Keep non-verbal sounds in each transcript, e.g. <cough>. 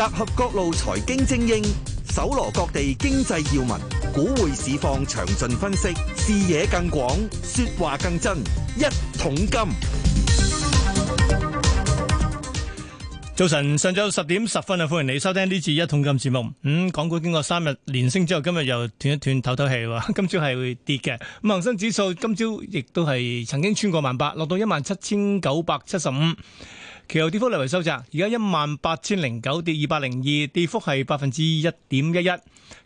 集合各路財經精英，搜羅各地經濟要聞，股匯市況詳盡分析，視野更廣，說話更真。一桶金，早晨，上晝十點十分啊！歡迎你收聽呢次一桶金節目。嗯，港股經過三日連升之後，今日又斷一斷，透透氣啦。今朝係會跌嘅。咁恒生指數今朝亦都係曾經穿過萬八，落到一萬七千九百七十五。其後跌幅略為收窄，而家，一萬八千零九跌二百零二，跌幅係百分之一點一一。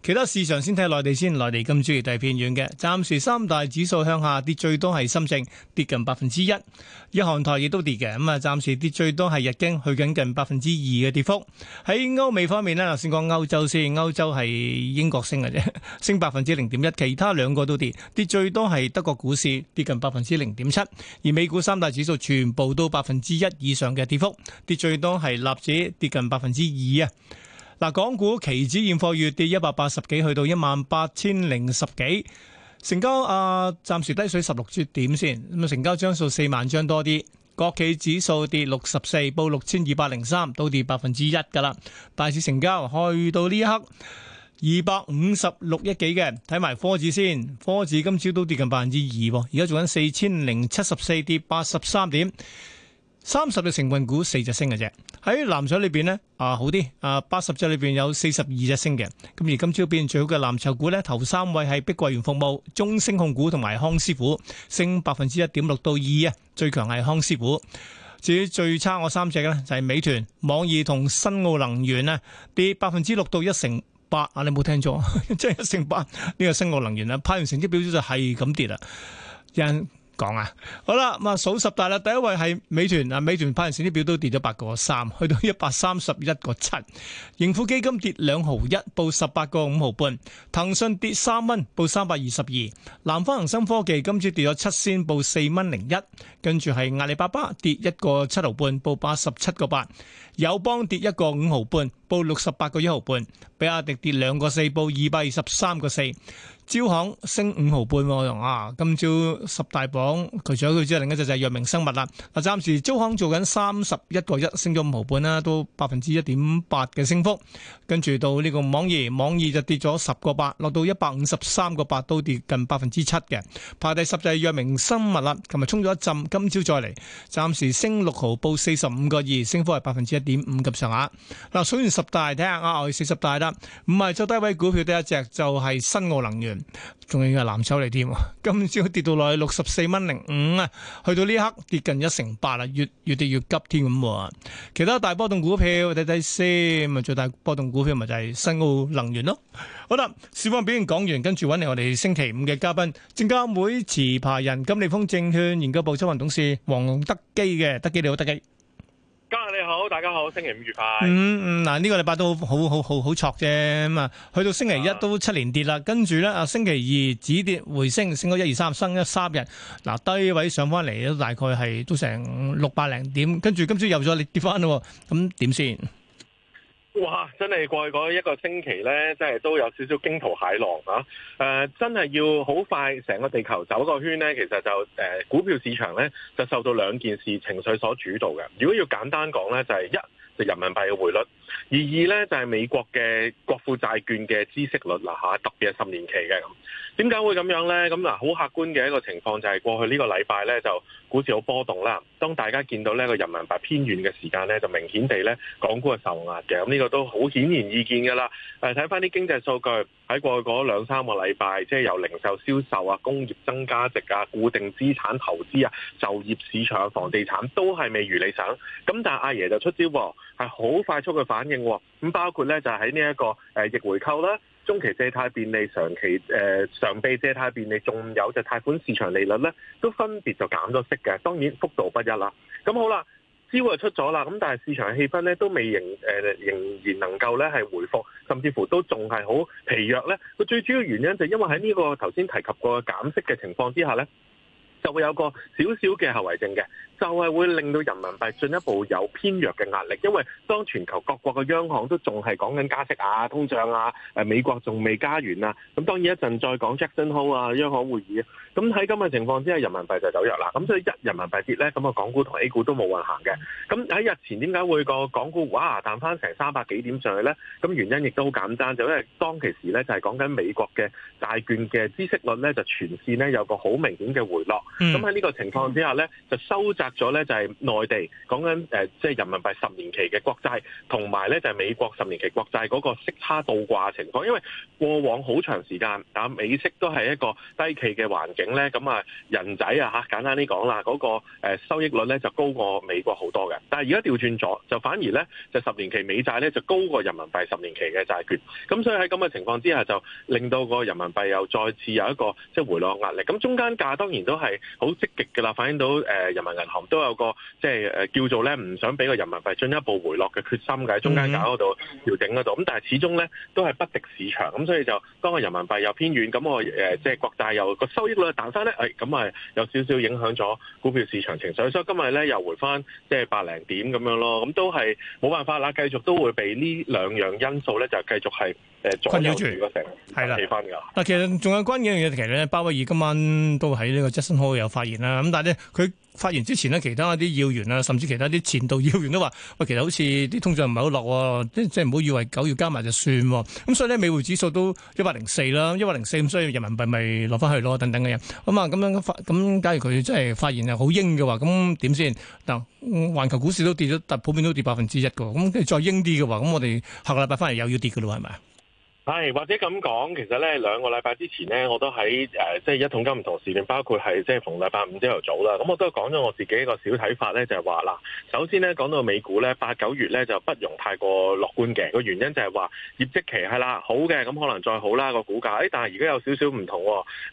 其他市場先睇內地先，內地今朝亦都偏軟嘅。暫時三大指數向下，跌最多係深證跌近百分之一，日韓台亦都跌嘅。咁啊，暫時跌最多係日經去緊近百分之二嘅跌幅。喺歐美方面咧，先講歐洲先，歐洲係英國升嘅啫，升百分之零點一，其他兩個都跌，跌最多係德國股市跌近百分之零點七，而美股三大指數全部都百分之一以上嘅。跌幅跌最多係納指跌近百分之二啊！嗱，港股期指現貨月跌一百八十幾，去到一萬八千零十幾，成交啊、呃、暫時低水十六點先，咁啊成交張數四萬張多啲。國企指數跌六十四，報六千二百零三，都跌百分之一噶啦。大市成交去到呢刻二百五十六億幾嘅，睇埋科指先，科指今朝都跌近百分之二，而家做緊四千零七十四跌八十三點。三十隻成分股四隻升嘅啫，喺藍籌裏邊呢，啊好啲啊八十隻裏邊有四十二隻升嘅，咁而今朝變最好嘅藍籌股呢，頭三位係碧桂園服務、中升控股同埋康師傅，升百分之一點六到二啊，2, 最強係康師傅。至於最差我三隻呢，就係、是、美團、網易同新奧能源咧跌百分之六到一成八啊，8, 你冇聽錯即係一成八呢個新奧能源啊，派完成績表之後係咁跌啊，人。講啊，好啦，咁啊數十大啦，第一位係美團，啊美團派完息啲表都跌咗八個三，去到一百三十一個七，盈富基金跌兩毫一，報十八個五毫半，騰訊跌三蚊，報三百二十二，南方恒生科技今次跌咗七仙，報四蚊零一，跟住係阿里巴巴跌一個七毫半，報八十七個八，友邦跌一個五毫半，報六十八個一毫半，比亞迪跌兩個四，報二百二十三個四。招行升五毫半喎，啊！今朝十大榜，佢除咗佢之外，另一隻就係藥明生物啦。嗱，暫時招行做緊三十一個一，升咗五毫半啦，啊，都百分之一點八嘅升幅。跟住到呢個網易，網易就跌咗十個八，落到一百五十三個八，都跌近百分之七嘅。排第十就係藥明生物啦，琴日沖咗一浸，今朝再嚟，暫時升六毫，報四十五個二，升幅係百分之一點五及上下，啊。嗱，數完十大，睇下啊，我哋四十大啦，唔係最低位股票第一隻就係新奧能源。仲要係藍籌嚟添啊！今朝跌到落去六十四蚊零五啊，去到呢刻跌近一成八啦，越越跌越急添咁啊！其他大波動股票睇睇先，咪最大波動股票咪就係新奧能源咯。好啦，市況表現講完，跟住揾嚟我哋星期五嘅嘉賓，證監會持牌人金利豐證券研究部執行董事黃德幾嘅，德幾你好，德幾。家你好，大家好，星期五愉快、嗯。嗯，嗱、這、呢個禮拜都好好好好好挫啫，咁、嗯、啊，去到星期一都七連跌啦，跟住咧啊星期二止跌回升，升咗一二三，升咗三日，嗱低位上翻嚟都大概係都成六百零點，跟住今朝又再跌跌翻咯，咁點先？哇！真係過去嗰一個星期呢真係都有少少驚濤駭浪，嚇、啊。誒、呃，真係要好快成個地球走個個圈呢，其實就誒、呃、股票市場呢就受到兩件事情緒所主導嘅。如果要簡單講呢就係、是、一就係、人民幣嘅匯率。而二咧就係、是、美國嘅國庫債券嘅孳息率啦嚇，特別係十年期嘅咁。點解會咁樣咧？咁嗱，好客觀嘅一個情況就係過去呢個禮拜咧就股市好波動啦。當大家見到呢個人民幣偏軟嘅時間咧，就明顯地咧港股係受壓嘅。咁呢個都好顯然易見嘅啦。睇翻啲經濟數據喺過去嗰兩三個禮拜，即、就、係、是、由零售銷售啊、工業增加值啊、固定資產投資啊、就業市場啊、房地產都係未如理想。咁但阿爺就出招喎，係好快速嘅反。反應，咁包括咧就喺呢一個誒逆回購啦、中期借貸便利、長期誒、呃、常備借貸便利，仲有就貸款市場利率咧，都分別就減咗息嘅。當然幅度不一啦。咁好啦，招就出咗啦。咁但係市場氣氛咧都未仍誒、呃、仍然能夠咧係回復，甚至乎都仲係好疲弱咧。個最主要原因就係因為喺呢個頭先提及過減息嘅情況之下咧。就會有個少少嘅後遺症嘅，就係、是、會令到人民幣進一步有偏弱嘅壓力，因為當全球各國嘅央行都仲係講緊加息啊、通脹啊，美國仲未加完啊，咁當然一陣再講 Jackson Hole 啊央行會議啊，咁喺咁嘅情況之下，人民幣就走弱啦。咁所以一人民幣跌咧，咁、那、啊、個、港股同 A 股都冇運行嘅。咁喺日前點解會個港股哇彈翻成三百幾點上去咧？咁原因亦都好簡單，就是、因為當其時咧就係講緊美國嘅債券嘅孳息率咧就全線咧有個好明顯嘅回落。咁喺呢個情況之下咧，就收窄咗咧，就係內地講緊誒即係人民幣十年期嘅國債，同埋咧就係美國十年期國債嗰個息差倒掛情況。因為過往好長時間啊，美息都係一個低企嘅環境咧，咁啊人仔啊嚇簡單啲講啦，嗰個誒收益率咧就高過美國好多嘅。但係而家調轉咗，就反而咧就十年期美債咧就高過人民幣十年期嘅債券。咁所以喺咁嘅情況之下，就令到個人民幣又再次有一個即係回落壓力。咁中間價當然都係。好積極嘅啦，反映到、呃、人民銀行都有個即、呃、叫做咧，唔想俾個人民幣進一步回落嘅決心嘅，中間價嗰度調整嗰度，咁但係始終咧都係不敵市場，咁所以就當個人民幣又偏軟，咁我、呃、即係國債又個收益率彈翻咧，誒咁啊有少少影響咗股票市場情緒，所以今日咧又回翻即係百零點咁樣咯，咁都係冇辦法啦，繼續都會被呢兩樣因素咧就繼續係。城困擾住嗰成係啦，跌翻㗎。嗱、啊，其實仲有關鍵一樣嘢，其實咧，鮑威爾今晚都喺呢個 Jackson Hole 有發言啦。咁、嗯、但係咧，佢發言之前呢，其他啲要員啊，甚至其他啲前度要員都話，喂、哎，其實好似啲通脹唔係好落喎，即係唔好以為九月加埋就算喎。咁所以呢，美匯指數都一百零四啦，一百零四咁需要人民幣咪落翻去咯，等等嘅嘢。咁、嗯、啊，咁樣咁，假如佢真係發言係好英嘅話，咁點先？嗱、嗯，環球股市都跌咗，但普遍都跌百分之一嘅。咁佢再英啲嘅話，咁我哋下個禮拜翻嚟又要跌嘅咯，係咪？係或者咁講，其實咧兩個禮拜之前咧，我都喺、呃、即係一桶金唔同時段，包括係即係逢禮拜五朝頭早啦。咁我都講咗我自己一個小睇法咧，就係話嗱，首先咧講到美股咧，八九月咧就不容太過樂觀嘅。個原因就係話業績期係啦，好嘅咁可能再好啦、個股價。誒、哦，但係而家有少少唔同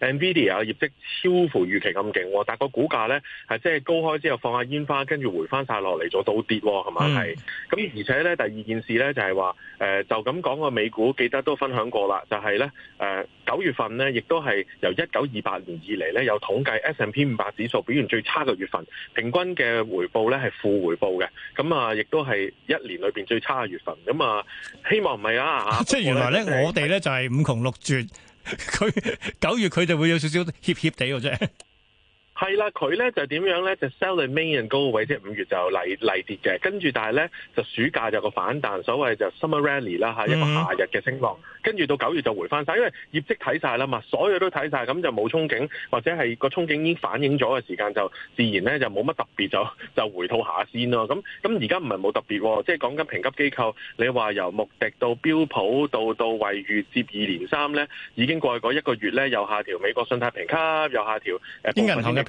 ，Nvidia 業績超乎預期咁勁、哦，但係個股價咧係即係高開之後放下煙花，跟住回翻晒落嚟做到跌係嘛係。咁、嗯、而且咧第二件事咧就係、是、話、呃、就咁講個美股，記得都。分享過啦，就係呢。誒九月份呢，亦都係由一九二八年以嚟呢，有統計 S&P 五百指數表現最差嘅月份，平均嘅回報呢，係負回報嘅，咁啊亦都係一年裏面最差嘅月份，咁啊希望唔係啊，即係原來呢，我哋呢，就係五窮六絕，佢 <laughs> 九月佢就會有少少怯怯地嘅啫。係啦，佢咧就點樣咧？就，就 sell in May and go away，即五月就嚟嚟跌嘅。跟住但係咧，就暑假就有個反彈，所謂就 summer rally 啦，一個夏日嘅升浪。跟住到九月就回翻晒，因為業績睇晒啦嘛，所有都睇晒。咁就冇憧憬，或者係個憧憬已經反映咗嘅時間，就自然咧就冇乜特別，就就回吐下先咯。咁咁而家唔係冇特別，即係講緊評級機構，你話由穆迪到標普到到惠譽接二連三咧，已經過去嗰一個月咧又下調美國信貸評級，又下調誒。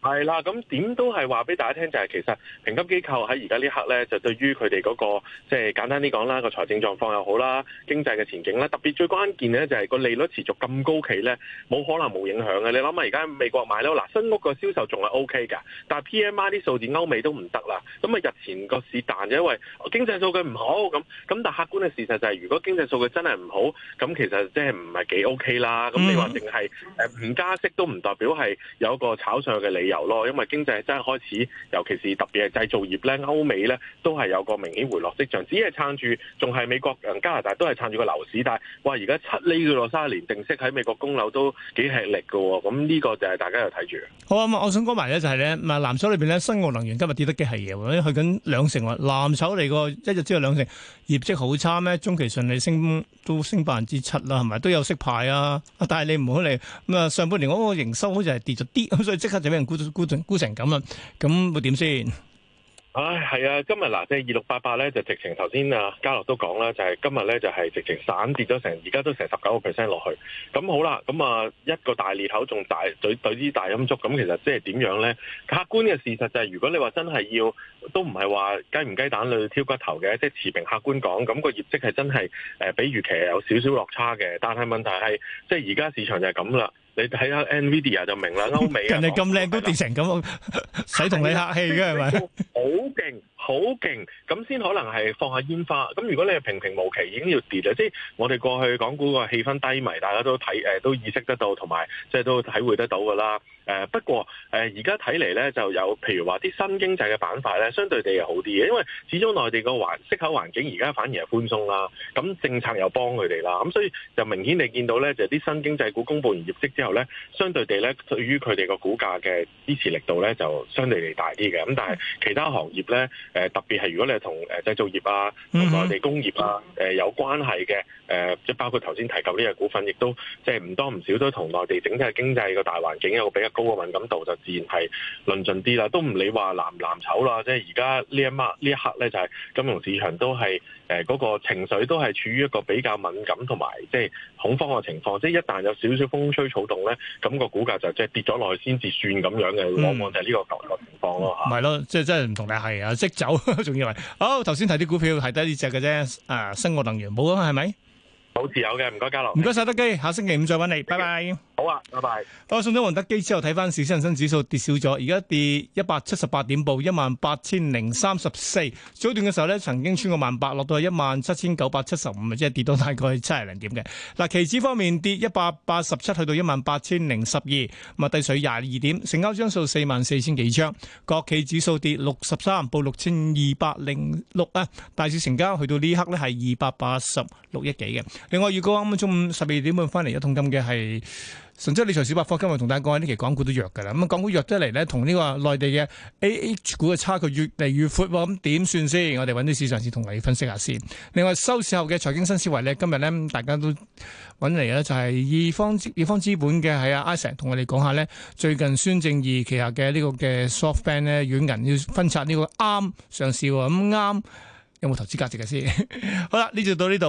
係啦，咁點都係話俾大家聽就係，其實評級機構喺而家呢刻咧，就對於佢哋嗰個即係簡單啲講啦，個財政狀況又好啦，經濟嘅前景啦，特別最關鍵咧就係個利率持續咁高企咧，冇可能冇影響嘅。你諗下而家美國買樓，嗱新屋個銷售仲係 O K 噶，但係 P M I 啲數字歐美都唔得啦。咁啊日前個市但就因為經濟數據唔好咁，咁但客觀嘅事實就係、是，如果經濟數據真係唔好，咁其實即係唔係幾 O K 啦。咁、嗯、你話淨係誒唔加息都唔代表係有個炒上去嘅理。由咯，因為經濟真係開始，尤其是特別係製造業咧，歐美咧都係有個明顯回落跡象。只係撐住，仲係美國、加拿大都係撐住個樓市。但係，哇！而家七呢個三十年定息喺美國供樓都幾吃力嘅喎。咁、嗯、呢、這個就係大家有睇住。好啊、嗯，我想講埋咧就係咧，咁啊藍籌裏邊咧，新奧能源今日跌得幾係嘢喎？去緊兩成喎。藍籌嚟個一日只有兩成業績好差咩？中期順利升都升百分之七啦，係咪都有息牌啊？但係你唔好嚟咁啊！上半年嗰個營收好似係跌咗啲，咁所以即刻就俾人估。沽沽成咁啊，咁會點先？唉，係啊！今日嗱，即係二六八八咧，就直情頭先啊，嘉樂都講啦，就係、是、今日咧，就係、是、直情散跌咗成，而家都成十九個 percent 落去。咁、嗯、好啦，咁啊一個大裂口大，仲大對對啲大陰燭。咁其實即係點樣咧？客觀嘅事實就係、是，如果你話真係要，都唔係話雞唔雞蛋裏挑骨頭嘅，即、就、係、是、持平客觀講，咁、那個業績係真係誒、呃、比預期有少少落差嘅。但係問題係，即係而家市場就係咁啦。你睇下 Nvidia 就明啦，歐美人哋咁靚都跌成咁，使同、 <laughs> 啊、你客氣嘅係咪？吧 <laughs> 勁好勁，咁先可能係放下煙花。咁如果你係平平無奇，已經要跌咗。即係我哋過去港股個氣氛低迷，大家都睇誒，都意識得到，同埋即係都體會得到㗎啦。誒不過誒而家睇嚟咧，就有譬如話啲新經濟嘅板塊咧，相對地又好啲嘅，因為始終內地個環息口環境而家反而係寬鬆啦，咁政策又幫佢哋啦，咁所以就明顯地見到咧，就啲新經濟股公布完業績之後咧，相對地咧，對於佢哋個股價嘅支持力度咧，就相對嚟大啲嘅。咁但係其他行業咧，特別係如果你同誒製造業啊，同內地工業啊，有關係嘅。誒，即係包括頭先提及呢個股份，亦都即係唔多唔少都同內地整體嘅經濟個大環境有個比較高嘅敏感度，就自然係論盡啲啦。都唔理話藍唔藍籌啦，即係而家呢一刻呢一刻咧，就係、是、金融市場都係嗰個情緒都係處於一個比較敏感同埋即係恐慌嘅情況。即係一旦有少少風吹草動咧，咁、那個股價就即係跌咗落去先至算咁樣嘅，往往、嗯、就係呢個咁嘅情況咯嚇。係咯，即係、就是、真係唔同你係啊，識走仲以為好頭先睇啲股票，係得呢隻嘅啫，誒、啊，新奧能源冇啊，係咪？好自由嘅，唔該，交流，唔該晒，德基，下星期五再搵你，謝謝拜拜。好啊，拜拜。當我送咗黃德幾之後，睇翻市，恒生指數跌少咗，而家跌一百七十八點，報一萬八千零三十四。早段嘅時候咧，曾經穿過萬八，落到一萬七千九百七十五，即係跌到大概七零點嘅。嗱，期指方面跌一百八十七，去到一萬八千零十二，咁啊，低水廿二點。成交張數四萬四千幾張。國企指數跌六十三，報六千二百零六啊。大市成交去到呢刻呢係二百八十六億幾嘅。另外預告，啱啱中午十二點半翻嚟一桶金嘅係神州理財小百科。今日同大家講下呢期港股都弱㗎啦。咁港股弱得嚟咧，同呢個內地嘅 AH 股嘅差距越嚟越闊喎。咁點算先？我哋搵啲市場先同你分析下先。另外收市後嘅財經新思維咧，今日咧大家都搵嚟咧，就係以方以方資本嘅係阿阿 s 同我哋講下咧，最近孫正義旗下嘅呢個嘅 soft bank 咧，軟銀要分拆呢個 ARM 上市喎。咁 ARM 有冇投資價值嘅先？ <laughs> 好啦，呢就到呢度。